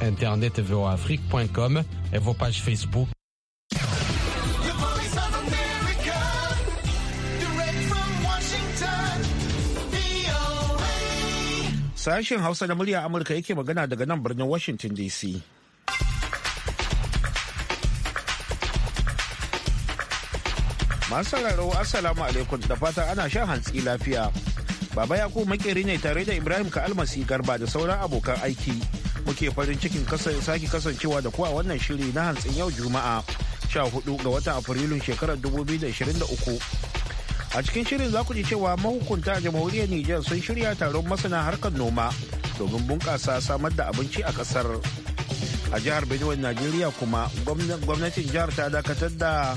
Internet et vos pages Facebook. Sashen Hausa da murya Amurka yake magana daga nan birnin Washington DC. Masu sauraro Assalamu alaikum da fatan ana shan hantsi lafiya. Baba Yakubu makeri ne tare da Ibrahim Ka'almasi Garba da sauran abokan aiki. muke farin cikin sake kasancewa da kuwa wannan shiri na hantsin yau juma'a 14 ga watan afrilun shekarar 2023 a cikin shirin za ku ji cewa mahukunta a jamhuriyar niger sun shirya taron masana harkar noma domin bunƙasa samar da abinci a ƙasar a jihar benue najeriya kuma gwamnatin jihar ta dakatar da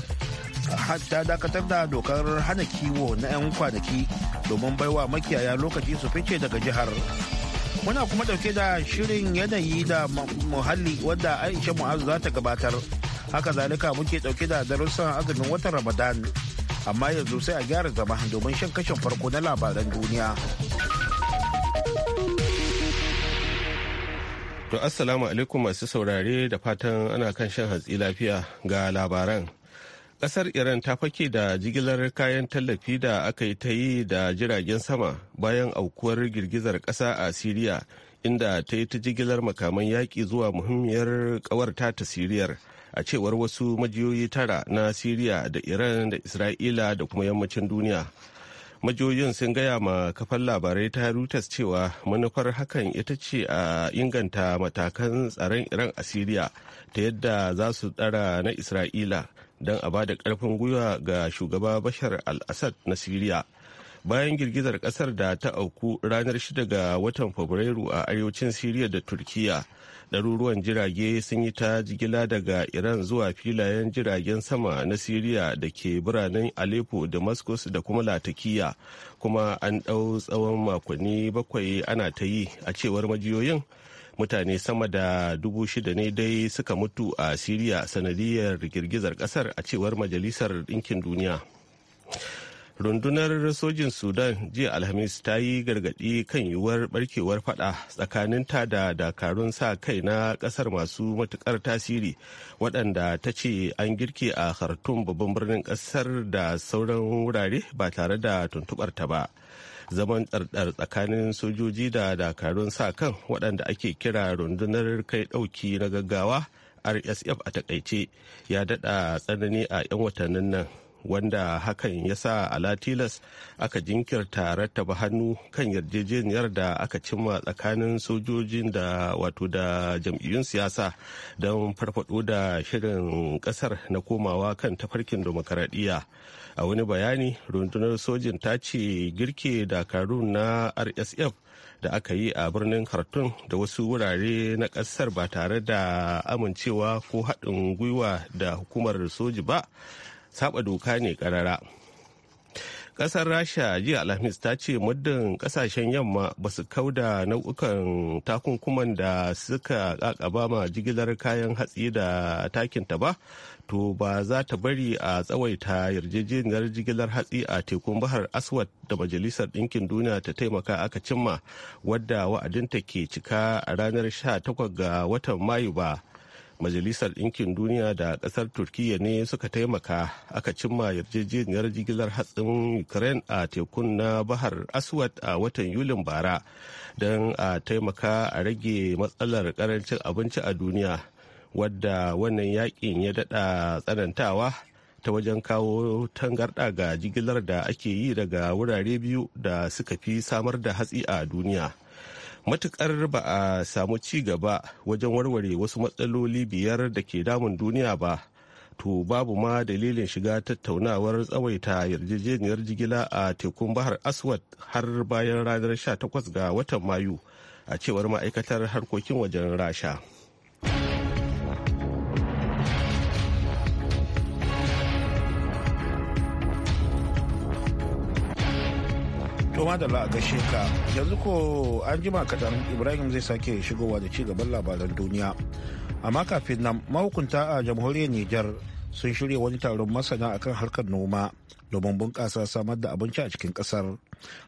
ta dakatar da dokar hana kiwo na 'yan kwanaki domin baiwa makiyaya lokaci su fice daga jihar Muna kuma ɗauke da shirin yanayi da muhalli wadda Aisha Mu'azu za ta gabatar. Haka zalika muke ɗauke da darussan azumin watan Ramadan. Amma yanzu sai a gyara zama domin shan kashin farko na labaran duniya. To Assalamu alaikum masu saurare da fatan ana kan shan hatsi lafiya ga labaran. kasar iran ta fake da jigilar kayan tallafi da aka yi ta yi da jiragen sama bayan aukuwar girgizar kasa a siriya inda ta yi ta jigilar makaman yaƙi zuwa muhimmiyar ƙawarta ta siriyar a cewar wasu majiyoyi tara na siriya da iran da isra'ila da kuma yammacin duniya majiyoyin sun gaya ma kafar labarai ta reuters cewa manufar hakan ita ce a inganta matakan tsaron iran a siriya ta yadda za su tsara na isra'ila don a bada karfin gwiwa ga shugaba bashar al-assad na siriya bayan girgizar kasar da ta auku ranar 6 ga watan fabrairu a arewacin siriya da turkiya ɗaruruwan jirage sun yi ta jigila daga iran zuwa filayen jiragen sama na siriya da ke biranen aleppo damascus da kuma latakiya kuma an ɗau tsawon makonni bakwai ana ta yi a cewar majiyoyin mutane sama da dubu shida ne dai suka mutu a siriya sanadiyar girgizar kasar a cewar majalisar ɗinkin duniya rundunar sojin sudan jiya alhamis ta yi gargaɗi kan yiwuwar barkewar fada tsakanin ta da dakarun sa kai na ƙasar masu matuƙar tasiri waɗanda ta ce an girke a khartoum babban birnin ƙasar da sauran wurare ba tare da tuntuɓar ta ba zaman tsardar tsakanin sojoji da dakarun sa kan waɗanda ake kira rundunar kai ɗauki na gaggawa rsf a takaice ya daɗa tsanani a 'yan watannin nan wanda hakan ya sa alatilas aka jinkirta rattaba hannu kan yarjejeniyar da aka cimma tsakanin sojojin da wato da jam'iyyun siyasa don farfado da shirin kasar na komawa kan tafarkin demokaradiyya a wani bayani rundunar sojin ta ce girke dakarun na rsf da aka yi a birnin khartoum da wasu wurare na kasar ba tare da amincewa ko haɗin gwiwa da hukumar soji ba saba doka ne karara kasar rasha jiya alhamis ta ce muddin kasashen yamma ba su da nau'ukan takunkuman da suka kakaba ma jigilar kayan hatsi da takinta ba to ba za ta bari a tsawaita yarjejeniyar jigilar hatsi a tekun bahar aswad da majalisar ɗinkin duniya ta taimaka aka cimma wadda wa'adinta ke cika a ranar 18 ga watan mayu ba majalisar ɗinkin duniya da ƙasar turkiyya ne suka taimaka aka cimma yarjejeniyar jigilar hatsin ukraine a tekun na bahar aswad a watan yulin bara don a taimaka a rage matsalar ƙarancin abinci a duniya wadda wannan yakin ya daɗa tsanantawa ta wajen kawo tangarɗa ga jigilar da ake yi daga wurare biyu da suka fi samar da hatsi a duniya. matukar ba a samu ci gaba wajen warware wasu matsaloli biyar da ke damun duniya ba to babu ma dalilin shiga tattaunawar tsawaita yarjejeniyar jigila a tekun bahar aswad har bayan ranar 18 ga watan mayu a cewar ma'aikatar harkokin wajen rasha. zoma da la'a gashe yanzu ko an jima kadan Ibrahim zai sake shigowa da ci gaban labaran duniya. Amma kafin nan mahukunta a jamhuriyar Nijar sun shirya wani taron masana akan harkar noma domin bunƙasa samar da abinci a cikin ƙasar.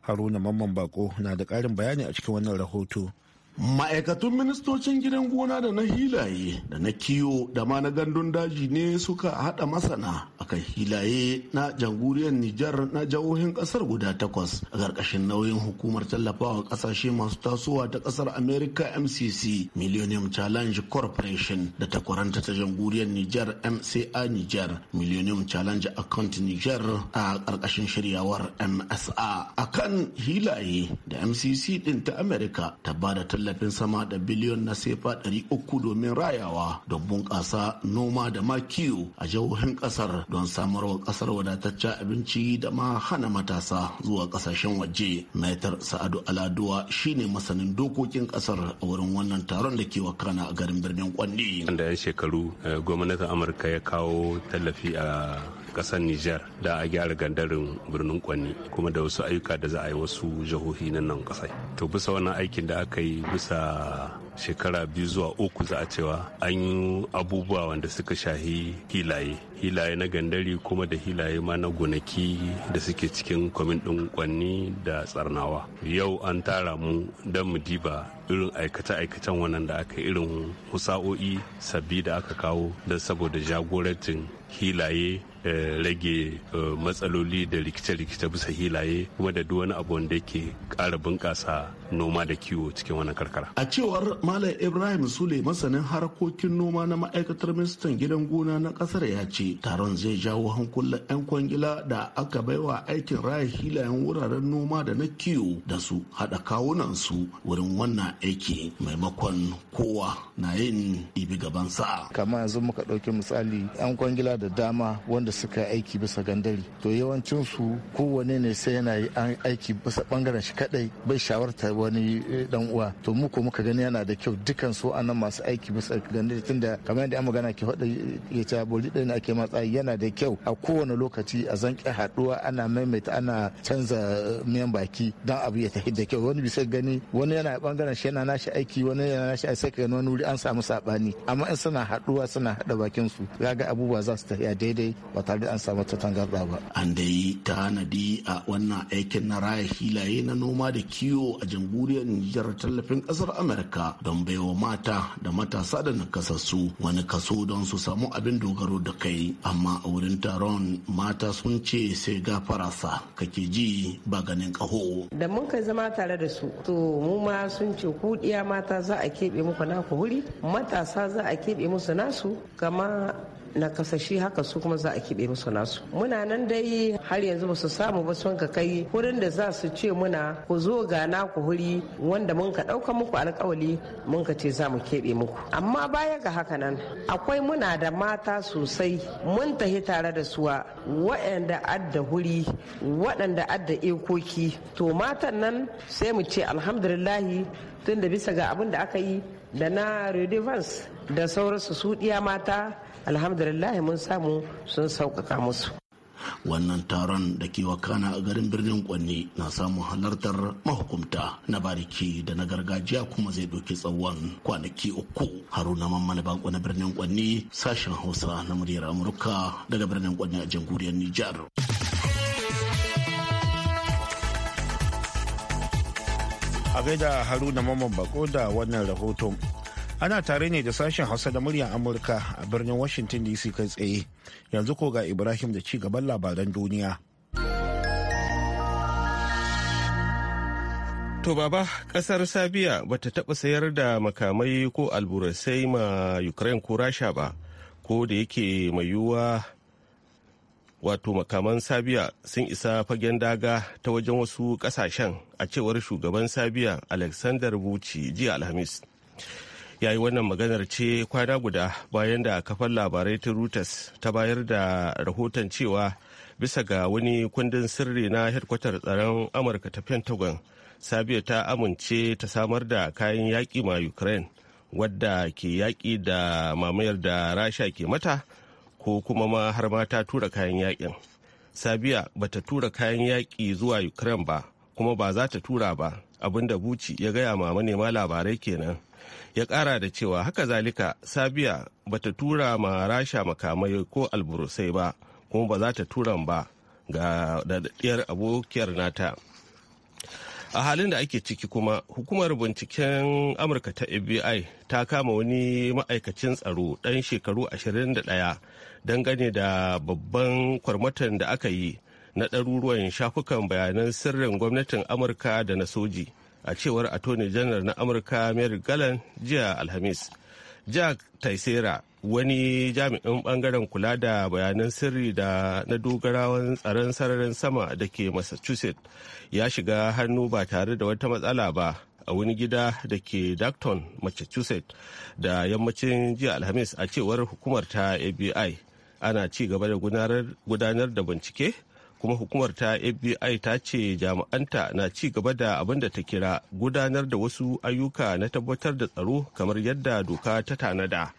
Haruna Mamman Bako na da ƙarin bayani a cikin wannan rahoto. Ma'aikatun ministocin gidan gona da na hilaye da na kiyo da ma na gandun daji ne suka hada masana akan hilaye na jamhuriyar Nijar na jihohin ƙasar guda takwas a ƙarƙashin nauyin hukumar tallafawa ƙasashe masu tasowa ta ƙasar America MCC Millennium Challenge Corporation da takwaranta ta jamhuriyar Nijar MCA Nijar Millennium Challenge Account Nijar a ƙarƙashin shiryawar MSA akan hilaye da MCC ɗin ta America ta bada tallafin sama da biliyon na sefa 300 domin rayawa don bunƙasa noma da ma kiwo a jihohin ƙasar don samarwa ƙasar wadataccen abinci da ma hana matasa zuwa ƙasashen waje. Maitar Sa'adu Aladuwa shine masanin dokokin ƙasar a wurin wannan taron da ke wakana a garin birnin Kwandi. da yan shekaru eh, gwamnatin Amurka ya kawo tallafi a kasar Nijar da a gyara gandarin birnin Kwani kuma da wasu ayyuka da za a yi wasu jihohi na nan kasai. To bisa wannan aikin da aka yi bisa shekara biyu zuwa uku za a cewa an yi abubuwa wanda suka shahi hilaye hilaye na gandari kuma da hilaye ma na gonaki da suke cikin kwamin ɗin kwanni da tsarnawa yau an tara mu don mu diba irin aikace-aikacen wannan da aka irin husa'o'i sabbi da aka kawo don saboda jagorancin hilaye Eh, rage eh, matsaloli da rikice-rikice bisa hilaye kuma da duwani wani abu wanda yake kara bunƙasa noma da kiwo cikin wannan karkara. A cewar Malam Ibrahim Sule masanin harkokin noma na ma'aikatar ministan gidan gona na ƙasar ya ce taron zai jawo hankulan 'yan kwangila da aka bai wa aikin raya hilayen wuraren noma da na kiwo da su haɗa kawunan su wurin wannan aiki maimakon kowa na yin ibi gaban sa'a Kamar yanzu muka ɗauki misali 'yan kwangila da dama wanda waɗanda suka aiki bisa gandari to yawancin su kowane ne sai yana yi aiki bisa bangaren shi kadai bai shawarta wani dan eh, uwa to mu ko muka gani yana da kyau dukan su anan masu aiki bisa gandari tunda kamar yadda an magana ke faɗa ya ce boli ɗin ake matsa yana da kyau a kowane lokaci a zanƙi haɗuwa ana maimaita ana canza eh, miyan baki don abu ya tafi da kyau wani bisa gani wani yana bangaren shi yana nashi aiki wani yana nashi a sai wani wuri an samu saɓani amma in suna haɗuwa suna haɗa bakin su ga abubuwa za su tafiya daidai ba ba tare da an samu ta tangarda ba. An yi tanadi a wannan aikin na raya filaye na noma da kiwo a jamhuriyar Nijar tallafin kasar Amurka don baiwa mata da matasa da nakasassu wani kaso don su samu abin dogaro da kai amma a wurin taron mata sun ce sai gafarasa kake ji ba ganin kaho. Da mun kai zama tare da su to mu ma sun ce ku mata za a keɓe muku naku wuri matasa za a keɓe musu nasu kama na haka su kuma za a kiɓe musu nasu muna nan dai har yanzu ba su samu ba sun ka kai wurin da za su ce muna ku zo ga na ku huri wanda mun ka ɗauka muku alkawali mun ka ce za mu keɓe muku amma baya ga haka nan akwai muna da mata sosai mun tafi tare da suwa waɗanda adda huri waɗanda adda ikoki to matan nan sai mu ce alhamdulillahi tun da bisa ga abin da aka yi da na redevance da sauransu su ɗiya mata alhamdulillah mun samu sun sauƙaƙa musu wannan taron da ke wakana a garin birnin kwanne na samun halartar mahukumta na bariki da na gargajiya kuma zai ɗauki tsawon kwanaki uku haruna mamman baƙo na birnin kwanne sashen hausa na muryar amurka daga birnin kwanne a jamhuriyar nijar a gaida haruna mamman bako da wannan rahoton ana tare ne da sashen hausa da muryar amurka a birnin washington dc kai tsaye yanzu ko ga ibrahim da ci gaban labaran duniya to baba kasar sabiya bata taba sayar da makamai ko alburasai ma ukraine ko rasha ba ko da yake mai yiwuwa wato makaman sabiya sun isa fagen daga ta wajen wasu kasashen a cewar shugaban sabiya alexander buci jiya alhamis ya yi wannan maganar ce kwana guda bayan da kafar labarai ta reuters ta bayar da rahoton cewa bisa ga wani kundin sirri na hedkwatar tsaron amurka ta pentagon sabiya ta amince ta samar da kayan yaƙi ma ukraine wadda ke yaƙi da mamayar da rasha ke mata ko kuma ma har ma ta tura kayan yaƙin sabiya bata tura kayan yaƙi zuwa ukraine ba kuma ba za ta tura ba abinda buci ya gaya ma manema labarai kenan ya kara da cewa haka zalika sabiya ba ta tura ma rasha makamai ko alburusai ba kuma ba za ta tura ba ga daɗaɗɗiyar abokiyar nata a halin da ake ciki kuma hukumar binciken amurka ta fbi ta kama wani ma'aikacin tsaro ɗan shekaru 21 dangane da babban kwarmatan da aka yi na ɗaruruwan shafukan bayanan sirrin gwamnatin amurka da na soji a cewar attorney general na amurka merrick galan jiya alhamis jack taisera wani jami'in bangaren kula da bayanan sirri da na dogarawan tsaron sararin sama da ke massachusetts ya shiga hannu ba tare da wata matsala ba a wani gida da ke Dacton, Massachusetts da yammacin jiya Alhamis a cewar hukumar ta ABI ana ci gaba da gudanar da bincike kuma hukumar ta fbi ta ce jami'anta na ci gaba da abin da ta kira gudanar da wasu ayyuka na tabbatar da tsaro kamar yadda doka ta tanada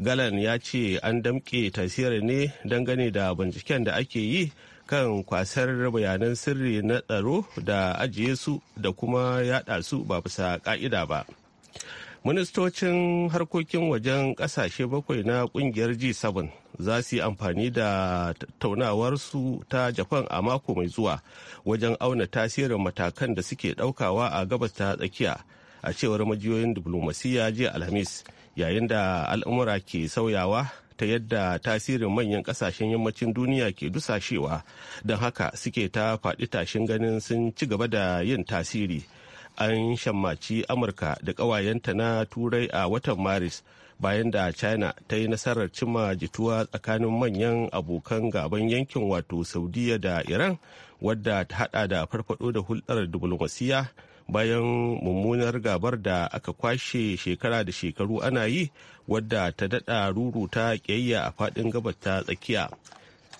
galan ya ce an damƙe tasirar ne dangane da binciken da ake yi kan kwasar bayanan sirri na tsaro da ajiye su da kuma yada su ba bisa ka'ida ba ministocin harkokin wajen kasashe bakwai na kungiyar g7 za su yi amfani da taunawarsu ta japan a mako mai zuwa wajen auna tasirin matakan da suke daukawa a gabas ta tsakiya a cewar majiyoyin diplomasiya jiya alhamis yayin da al'umura ke sauyawa ta yadda tasirin manyan kasashen yammacin duniya ke dusashewa don haka suke ta faɗi tashin ganin sun ci gaba da yin tasiri an shammaci amurka da ƙawayenta na turai a watan maris bayan da china ta yi nasarar cima jituwa tsakanin manyan abokan gaban yankin wato saudiya da iran wadda ta hada da farfado da hulɗar diplomasiya bayan mummunar gabar da aka kwashe shekara da shekaru ana yi wadda ta dada ruruta ƙiyayya a faɗin gabas ta tsakiya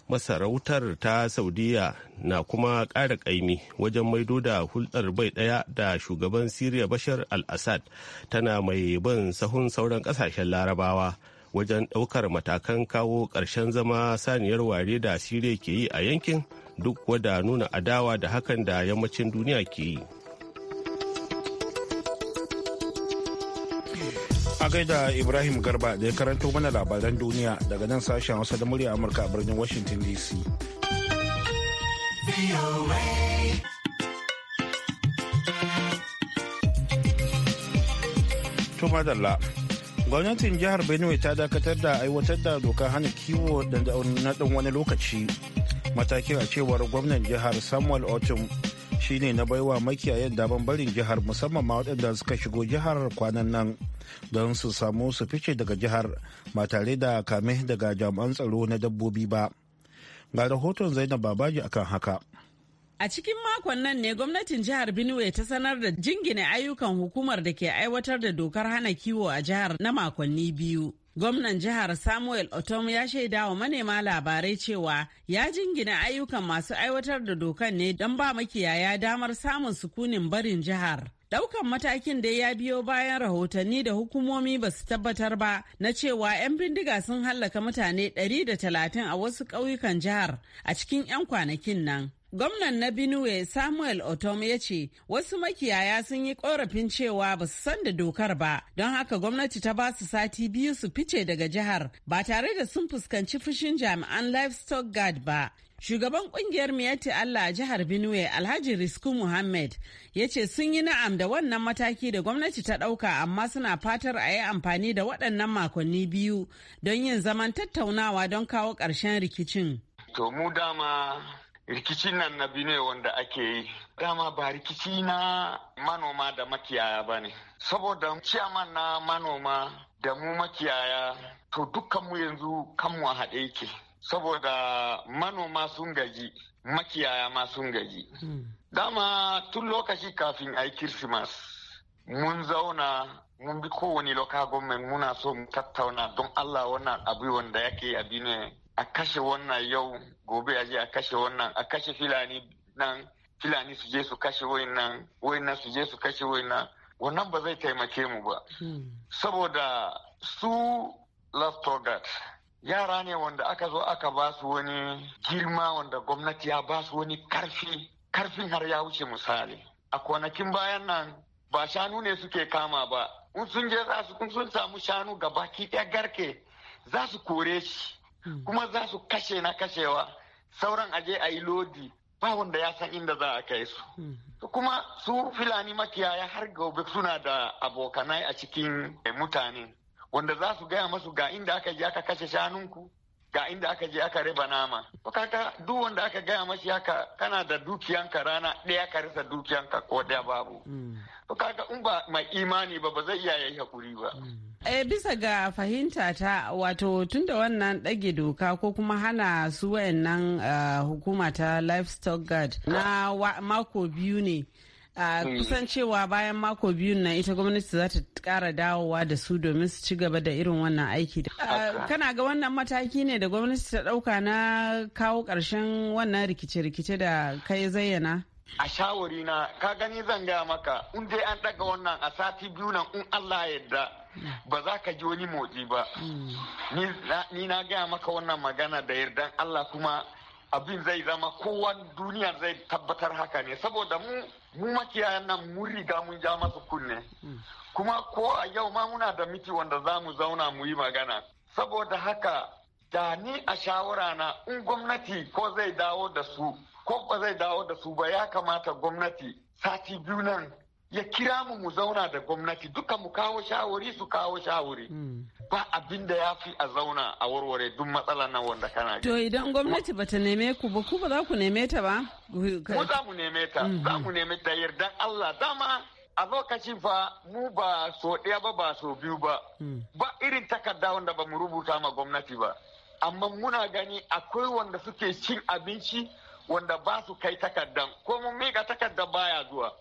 masarautar ta saudiya na kuma ƙara ƙaimi wajen maido da hulɗar bai ɗaya da shugaban siriya bashar al-assad tana mai bin sahun sauran ƙasashen larabawa wajen ɗaukar matakan kawo ƙarshen zama saniyar ware da siriya ke yi a yankin duk wada nuna adawa da hakan da yammacin duniya ke yi A gaida Ibrahim Garba da ya karanto mana labaran duniya daga nan sashen Hausa da murya Amurka a birnin Washington DC. Tumadalla. Gwamnatin jihar Benue ta dakatar da aiwatar da dokar hana kiwo na ɗan wani lokaci. mataki a cewar gwamnan jihar Samuel Otum shine na baiwa makiyayan daban barin jihar musamman ma waɗanda suka shigo jihar kwanan nan don su samu su fice daga jihar ba tare da kame daga jami'an tsaro na dabbobi ba ga rahoton zainab babaji akan haka A cikin makon nan ne gwamnatin jihar Benue ta sanar da jingine ayyukan hukumar da ke aiwatar da dokar hana kiwo a jihar na makonni biyu. Gwamnan jihar Samuel Otom ya shaida wa manema labarai cewa ya jingina ayyukan masu aiwatar da dokan ne don ba makiyaya damar samun sukunin barin jihar. Daukan matakin da ya biyo bayan rahotanni da hukumomi ba su tabbatar ba na cewa 'yan bindiga sun hallaka mutane 130 a wasu ƙauyukan jihar a cikin 'yan kwanakin nan. Gwamnan na Benue Samuel Otom ya ce wasu makiyaya sun yi korafin cewa ba su san da dokar ba, don haka gwamnati ta ba su sati biyu su fice daga jihar ba tare da sun fuskanci fushin jami'an livestock guard ba. Shugaban kungiyar Miyatti Allah a jihar Benue Alhaji Risku Muhammad ya ce sun yi na'am da wannan mataki da gwamnati ta ɗauka amma suna fatar a yi amfani da waɗannan makonni biyu don yin zaman tattaunawa don kawo ƙarshen rikicin. To mu dama rikicin nan na Benue wanda ake yi dama ba rikici na manoma da makiyaya ba ne. Saboda ciyaman na manoma da mu makiyaya to dukkanmu yanzu kanmu a haɗe yake. saboda manoma sun gaji makiyaya ma sun gaji hmm. dama tun lokaci kafin a yi kirsimas mun zauna mun bi kowane local government muna so mu tattauna don allah wannan abu wanda yake abi ne a kashe wannan yau gobe a je a kashe wannan a kashe filani nan filani su je su kashe wayannan wayannan su je su kashe wayannan wannan ba zai taimake mu ba hmm. saboda su last yara ne wanda aka zo aka ba su wani girma wanda gwamnati ya ba su wani karfi karfin har ya wuce misali a kwanakin bayan nan ba shanu ne suke kama ba in sun je za su kun sun samu shanu baki ɗaya garke za su kore shi hmm. kuma za su kashe na kashewa sauran aje a yi lodi ba wanda ya san inda za a kai su hmm. kuma su filani makiyaya har gobe suna da abokanai a cikin mutane wanda za su gaya masu ga inda aka je aka kashe shanunku ga inda aka je aka raba nama to kaka duk wanda aka gaya mashi haka kana da dukiyanka rana ɗaya ka rasa dukiyanka ko ɗaya babu mm. to kaka in ba mai imani ba ba zai iya yayi hakuri ba mm. eh bisa ga fahimta ta wato tunda wannan ɗage doka ko kuma hana su wayannan eh, hukuma ta livestock guard na mako biyu ne a kusan cewa bayan mako biyun na ita gwamnati za ta kara dawowa da su domin su ci gaba da irin wannan aiki. Kana ga wannan mataki ne da gwamnati ta ɗauka na kawo ƙarshen wannan rikice-rikice da kai zayyana? A shawari na ka gani zan gaya maka in dai an daga wannan a sati biyu nan in Allah ya yarda ba za ka ji wani motsi ba. Ni na gaya maka wannan magana da yardan Allah kuma abin zai zama kowa duniya zai tabbatar haka ne saboda mu mu makiyayan nan mun riga mun ja masu kunne hmm. kuma ko a yau ma muna da miti wanda za mu zauna mu yi magana saboda haka da ni a shawara na in gwamnati ko zai dawo da su ko ba zai dawo da su ba ya kamata gwamnati sati biyu nan ya kira mu mu zauna da gwamnati duka mu kawo shawari su kawo shawari mm. ba abin da ya fi a zauna a warware duk matsala nan wanda kana to idan gwamnati ba ta neme ku ba ku ba za ku neme ta ba mu za mu neme ta mm. za mu neme ta yardan Allah dama a lokacin fa mu ba so ɗaya ba ba so biyu ba mm. ba irin takarda wanda ba mu rubuta ma gwamnati ba amma muna gani akwai wanda suke cin abinci wanda ba su kai takardan ko mun mika takarda baya zuwa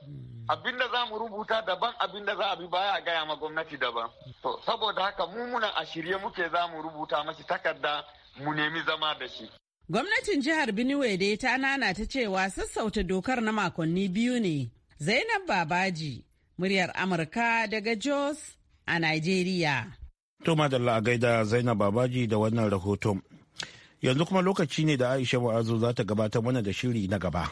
abinda za mu rubuta daban abin da za a bi baya gaya ma gwamnati daban to saboda haka mu muna a shirye muke za mu rubuta mashi takarda mu nemi zama da shi gwamnatin jihar benue dai ta nana ta cewa sassauta dokar na makonni biyu ne zainab babaji muryar amurka daga jos a nigeria to madalla a gaida zainab babaji da wannan rahoton yanzu kuma lokaci ne da aisha wa'azu za ta gabatar mana da shiri na gaba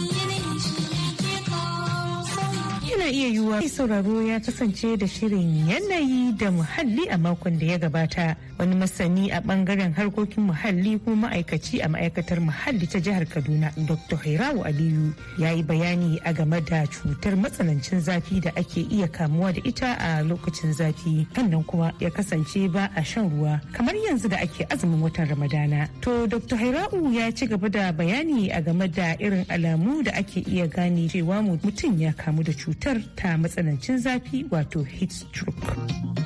Tana iya yiwuwa sauraro ya kasance da shirin yanayi da muhalli a makon da ya gabata. Wani masani a bangaren harkokin muhalli ko ma'aikaci a ma'aikatar muhalli ta jihar Kaduna Dr. Hairawu Aliyu ya yi bayani a game da cutar matsanancin zafi da ake iya kamuwa da ita a lokacin zafi. Sannan kuma ya kasance ba a shan ruwa kamar yanzu da ake azumin watan Ramadana. To Dr. Haira'u ya ci gaba da bayani a game da irin alamu da ake iya gane cewa mutum ya kamu da cutar. cutar ta matsanancin zafi wato heat stroke.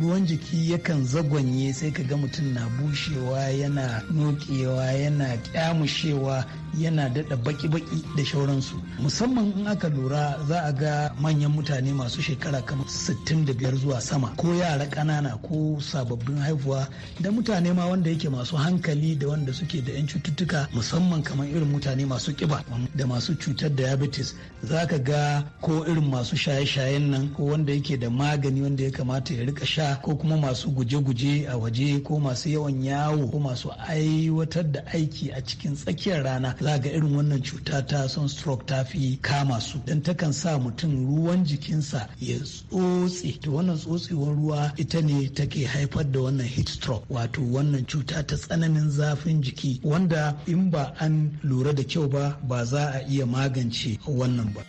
ruwan jiki yakan zagwanye sai ka ga mutum na bushewa yana nokewa yana kyamushewa yana daɗa baki-baki da shauransu musamman in aka lura za a ga manyan mutane masu shekara kamar 65 zuwa sama ko yara ƙanana ko sababbin haihuwa da mutane ma wanda yake masu hankali da wanda suke da 'yan cututtuka musamman kamar irin mutane masu kiba da masu cutar diabetes za ka ga ko irin masu shaye-shayen nan ko wanda yake da magani wanda ya kamata ya rika sha ko kuma masu guje-guje a waje ko masu yawan yawo ko masu aiwatar da aiki a cikin tsakiyar rana za ga irin wannan cuta ta son stroke ta fi kama su dan takan sa mutum ruwan jikinsa ya tsotse to wannan tsotsewar ruwa ita ne take haifar da wannan heat stroke wato wannan cuta ta tsananin zafin jiki wanda in ba an lura da kyau ba ba za a iya magance wannan ba.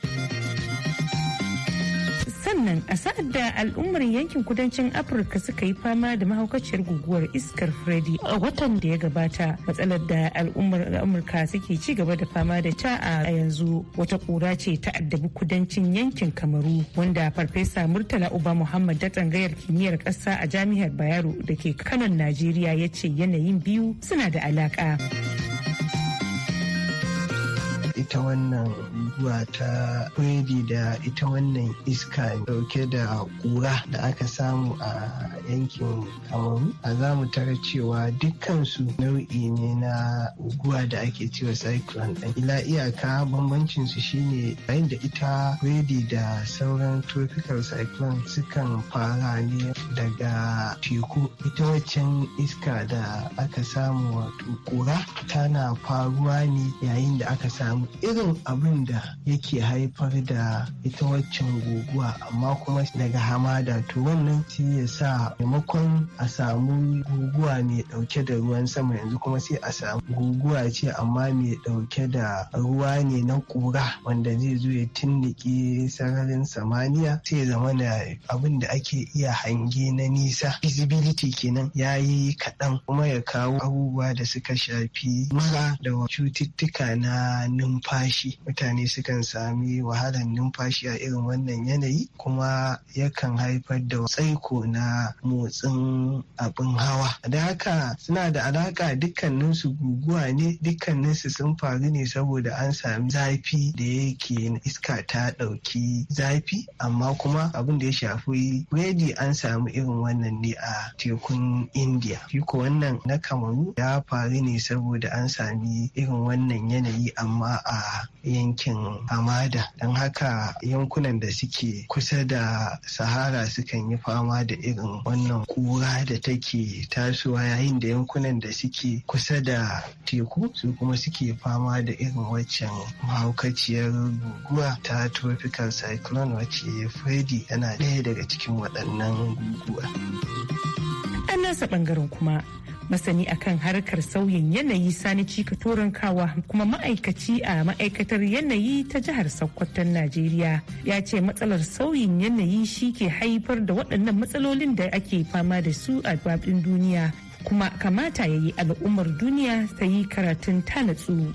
nan a sa'ad da al'ummar yankin kudancin afirka suka yi fama da mahaukaciyar guguwar iskar freddy a watan da ya gabata matsalar da al'ummar amurka suke ci gaba da fama da ta a yanzu wata kura ce ta addabi kudancin yankin kamaru wanda farfesa murtala uba muhammad da tsangayar kimiyyar kasa a jami'ar bayero da ke kanan najeriya ya ce yanayin biyu suna da alaka. ita wannan guguwa ta kwedi da ita wannan iska dauke da kura da aka samu a yankin Kamaru a za mu tara cewa dukkansu nau'i ne na guguwa da ake cewa cyclone ɗin. Ila iyaka bambancin su shine yayin da ita kwedi da sauran tropical cyclone sukan fara ne daga teku ita waccan iska da aka samu wato kura tana faruwa ne yayin da aka samu irin abin da yake haifar da ita waccan guguwa amma kuma daga hamada to wannan shi ya sa maimakon a samu guguwa mai dauke da ruwan sama yanzu kuma sai a samu guguwa ce amma mai dauke da ruwa ne na kura wanda zai zo ya tunnike sararin samaniya sai zama na abin da ake iya hange na nisa visibility kenan ya yi kaɗan kuma ya kawo abubuwa da suka shafi mara da cututtuka na numfashi numfashi mutane sukan sami wahalar numfashi a irin wannan yanayi kuma yakan haifar da tsaiko na motsin abin hawa da haka suna da alaka dukkaninsu guguwa ne dukkaninsu sun faru ne saboda an sami zafi da yake iska ta ɗauki zafi amma kuma abin da ya shafi biredi an samu irin wannan ne a tekun india ko wannan na kamaru ya faru ne saboda an sami irin wannan yanayi amma a yankin hamada don haka yankunan da suke kusa da sahara sukan yi fama da irin wannan kura da take tasowa yayin da yankunan da suke kusa da teku su kuma suke fama da irin waccan mahaukaciyar guguwa ta tropical cyclone wacce freddy yana ɗaya daga cikin waɗannan guguwa. a nasa bangaren kuma masani akan harkar sauyin yanayi sani cika kawa kuma ma'aikaci a ma'aikatar yanayi ta jihar sokoton najeriya ya ce matsalar sauyin yanayi shi ke haifar da waɗannan matsalolin da ake fama da su a babin duniya kuma kamata ya yi al'ummar duniya ta yi karatun ta natsu.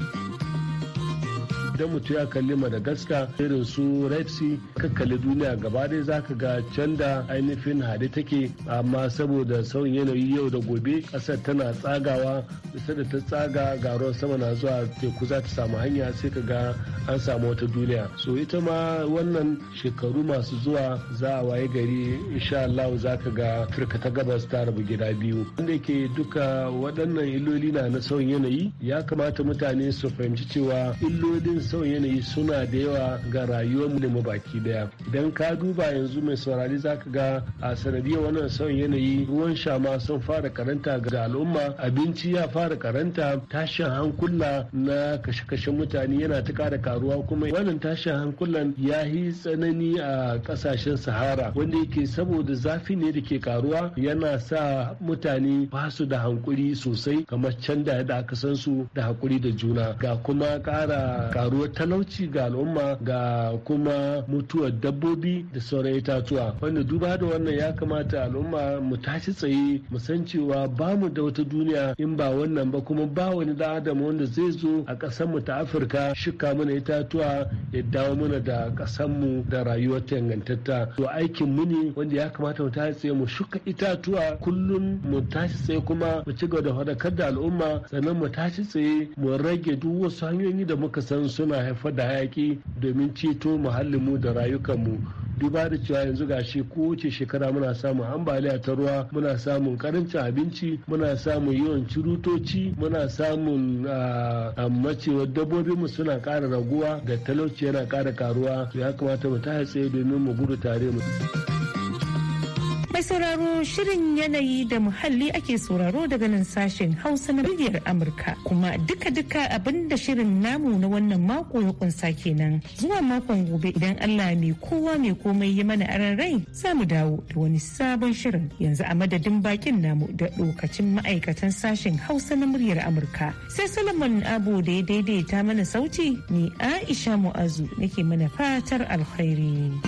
idan mutum ya kalli madagascar irin su red sea ka kalli duniya gaba dai za ka ga can da ainihin hade take amma saboda sauyin yanayi yau da gobe ƙasar tana tsagawa bisa da ta tsaga ga ruwan sama na zuwa teku za ta samu hanya sai ka ga an samu wata duniya so ita ma wannan shekaru masu zuwa za a waye gari insha Allah za ka ga afirka ta gabas ta rabu gida biyu wanda ke duka waɗannan illoli na na sauyin yanayi ya kamata mutane su fahimci cewa illolin sauyin yanayi suna da yawa ga rayuwar da baki daya idan ka duba yanzu mai saurari zaka ga a sanadiyar wannan sauyin yanayi ruwan sha ma sun fara karanta ga al'umma abinci ya fara karanta tashin hankula na kashe-kashe mutane yana ta kara karuwa kuma wannan tashin hankulan ya yi tsanani a kasashen sahara wanda yake saboda zafi ne da ke karuwa yana sa mutane ba su da hankuri sosai kamar can da aka san su da hakuri da juna ga kuma kara karuwa faruwar talauci ga al'umma ga kuma mutuwar dabbobi da sauran itatuwa wanda duba da wannan ya kamata al'umma mu tashi tsaye mu san cewa ba mu da wata duniya in ba wannan ba kuma ba wani da adam wanda zai zo a ƙasar mu ta afirka shika mana itatuwa ya dawo mana da ƙasar mu da rayuwar ta ingantatta to aikin mu ne wanda ya kamata mu tashi tsaye mu shuka itatuwa kullum mu tashi tsaye kuma mu ci gaba da faɗakar da al'umma sannan mu tashi tsaye mu rage duk wasu hanyoyi da muka san su suna haifar da hayaki domin ceto muhallinmu da rayukanmu duba da cewa yanzu gashi kowace shekara muna samun ambaliya ta ruwa muna samun karancin abinci muna samun yawan cirutoci muna samun macewar dabbobin mu suna kara raguwa da talauci yana kara karuwa ya kamata mu ta tsaye domin mu gudu tare mu Mai sauraro shirin yanayi da muhalli ake sauraro daga nan sashen Hausa na muryar Amurka. Kuma duka-duka abinda shirin namu na wannan mako ya kunsa kenan. Zuwa makon gobe idan Allah mai kowa mai komai ya mana aran rai za mu dawo da wani sabon shirin. Yanzu a madadin bakin namu da lokacin ma'aikatan sashen Hausa na muryar Amurka. Sai Solomon Abu da ya daidaita mana sauti ni Aisha Mu'azu nake mana fatar alkhairi.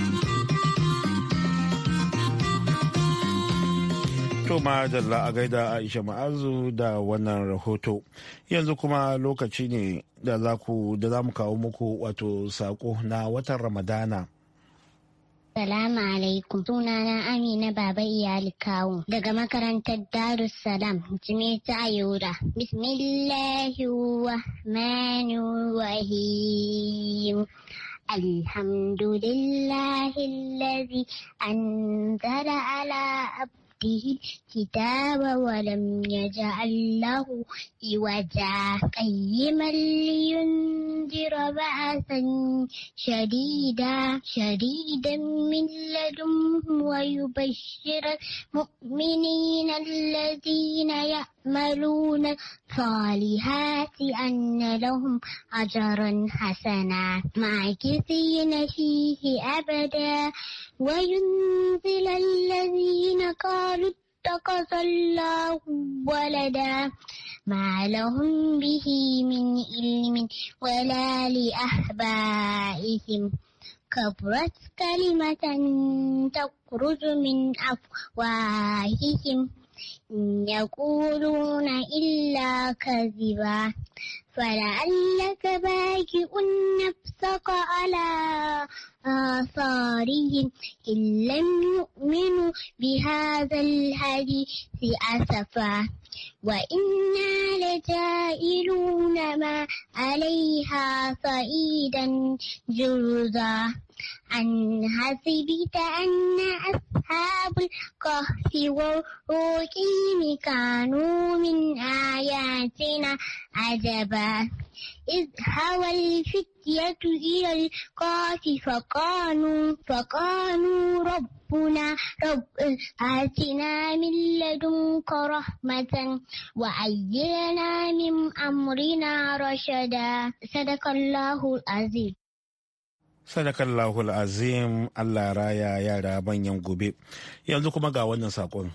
To madalla a gaida Aisha Ma'azu da wannan rahoto. Yanzu kuma lokaci ne da za ku da mu kawo muku wato sako na watan Ramadana. Salamu alaikum. Sunana Amina Baba Iyali Kawo daga makarantar Darussalam, Jimeta Ayura. Bismillahirrahmanirrahim. Alhamdulillahi allazi anzala ala ربه كتابا ولم يجعل له عوجا قيما لينذر بأسا شديدا شديدا من لدنه ويبشر المؤمنين الذين يعملون الصالحات أن لهم أجرا حسنا معكثين فيه أبدا وينزل الذين قالوا اتخذ الله ولدا ما لهم به من علم ولا لأحبائهم كبرت كلمة تخرج من أفواههم إن يقولون إلا كذبا فلعلك باكئ نفسك على آثارهم إن لم يؤمنوا بهذا الحديث أسفا وإنا لجائلون ما عليها صعيدا جرزا أن حسبت أن أصحاب الكهف والرقيم كانوا من آياتنا عجبا إذ هوى الفتنة فتية إلى القاف فقالوا فقالوا ربنا رب آتنا من لدنك رحمة وعجل لنا من أمرنا رشدا صدق الله العظيم Sadakallahu al'azim Allah raya yara manyan gobe, yanzu kuma ga wannan saƙon.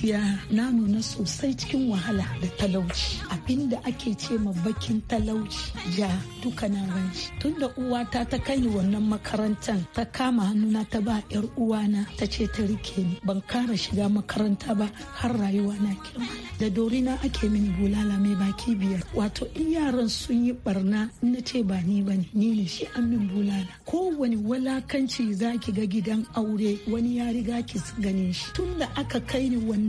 gaskiya na nuna sosai cikin wahala da talauci abinda ake ce ma bakin talauci ya duka na ranci tunda uwata ta kai ni wannan makarantar ta kama hannuna ta ba yar uwana ta ce ta rike ni ban kara shiga makaranta ba har rayuwa na girma da dorina ake min bulala mai baki biyar wato in yaran sun yi barna na ce ba ni ba ni ne shi an min bulala kowane walakanci ki ga gidan aure wani ya riga ki gane shi tunda aka kai ni wannan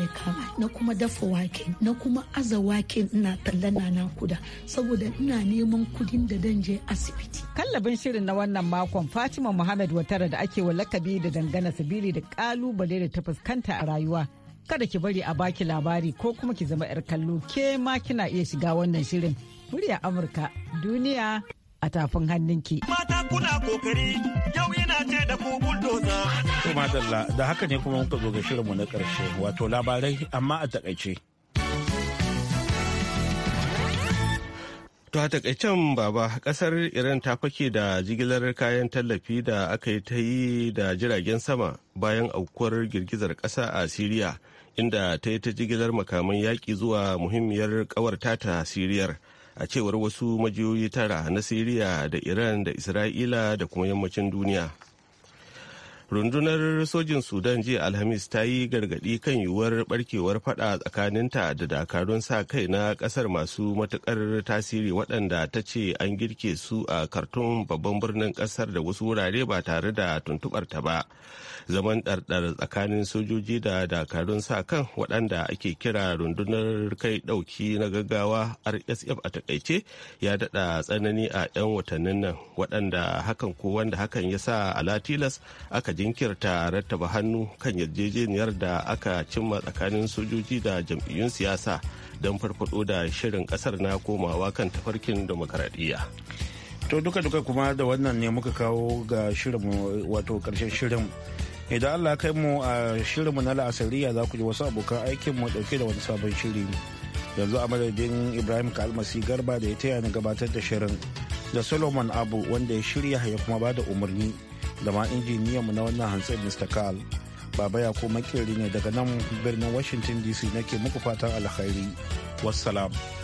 ya kama na kuma dafa wake na kuma aza wake ina talla na kuda saboda ina neman kudin da dan je asibiti kallabin shirin na wannan makon fatima muhammad watara da ake wa lakabi da dangana sabili da kalubale da ta fuskanta a rayuwa kada ki bari a baki labari ko kuma ki zama 'yar kallo ke ma kina iya shiga wannan shirin murya amurka duniya a tafin hannunki. Mata kuna kokari yau yana ce da ku bulldoza. To madalla da haka ne kuma muka zo ga shirinmu na karshe wato labarai amma a takaice. To a takaicen baba kasar Iran ta fake da jigilar kayan tallafi da aka yi ta yi da jiragen sama bayan aukuwar girgizar ƙasa a Siriya inda ta yi ta jigilar makaman yaƙi zuwa muhimmiyar ƙawarta ta Siriyar. a cewar wasu majiyoyi tara na siriya da iran da isra'ila da kuma yammacin duniya rundunar sojin sudan jiya alhamis ta yi gargaɗi kan yiwuwar barkewar fada tsakaninta da dakarun sa kai na ƙasar masu matukar tasiri waɗanda ta ce an girke su a kartun babban birnin ƙasar da wasu wurare ba tare da tuntubar ta ba zaman ɗarɗar tsakanin sojoji da dakarun sa kan waɗanda ake kira rundunar kai ɗauki na gaggawa rsf a takaice ya daɗa tsanani a 'yan watannin nan waɗanda hakan ko wanda hakan ya sa alatilas aka jinkirta rattaba hannu kan yarjejeniyar da aka cimma tsakanin sojoji da jam'iyyun siyasa don farfado da shirin kasar na komawa kan tafarkin demokaradiyya. to duka-duka kuma da wannan ne muka kawo ga shirinmu wato karshen shirin idan allah kai mu a shirinmu na la'asariya za ku ji wasu abokan aikin mu dauke da wani sabon shiri yanzu a madadin ibrahim kalmasi garba da ya taya ni gabatar da shirin da solomon abu wanda ya shirya ya kuma ba da umarni da ma injiniyanmu na wannan hantsin Mr. Carl. Baba ya ko makeri ne daga nan birnin Washington DC nake muku fatan alkhairi. Wassalam.